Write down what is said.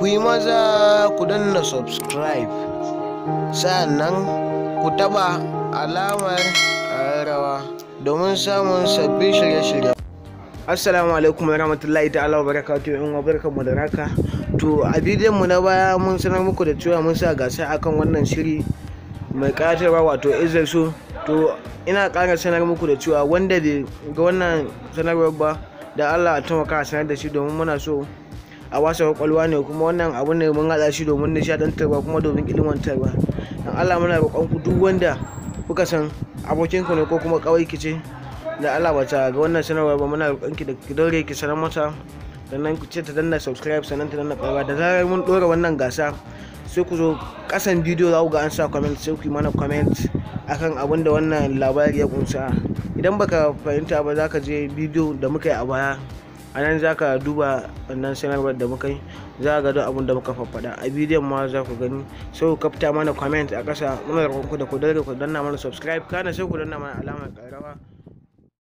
ku yi maza ku danna subscribe sannan ku taba alamar rawa domin samun sabbin shirye-shirye assalamu alaikum ta ta'ala wa barakatuhu in wa mu da raka to a bidiyon mu na baya mun sanar muku da cewa mun sa gasa akan wannan shiri mai katarwa wato izar su to ina ƙara sanar muku da cewa wanda bai ga wannan sanarwar ba da Allah a taimaka a sanar da shi domin muna so a wasa kwakwalwa ne kuma wannan abu ne mun haɗa shi domin nishaɗantarwa kuma domin ilmantarwa don allah muna roƙon ku duk wanda kuka san ku ne ko kuma kawai ki ce da allah bata ga wannan sanarwa ba muna roƙon ki da ki dore ki sanar mata sannan ku ce ta danna subscribe sannan ta danna ƙarfa da zarar mun ɗora wannan gasa sai ku zo ƙasan bidiyo za ku ga an sa comment sai ku yi mana comment akan abin da wannan labari ya kunsa idan baka fahimta ba za ka je bidiyo da muka yi a baya a nan za ka duba wannan sanarwar da muka yi za ga gado abin da muka faffada a bidiyon ma za ku gani sai ku kafta mana comment a ƙasa muna da ku da ku dalga ku danna mana subscribe kana sai ku danna mana alamar ƙararrawa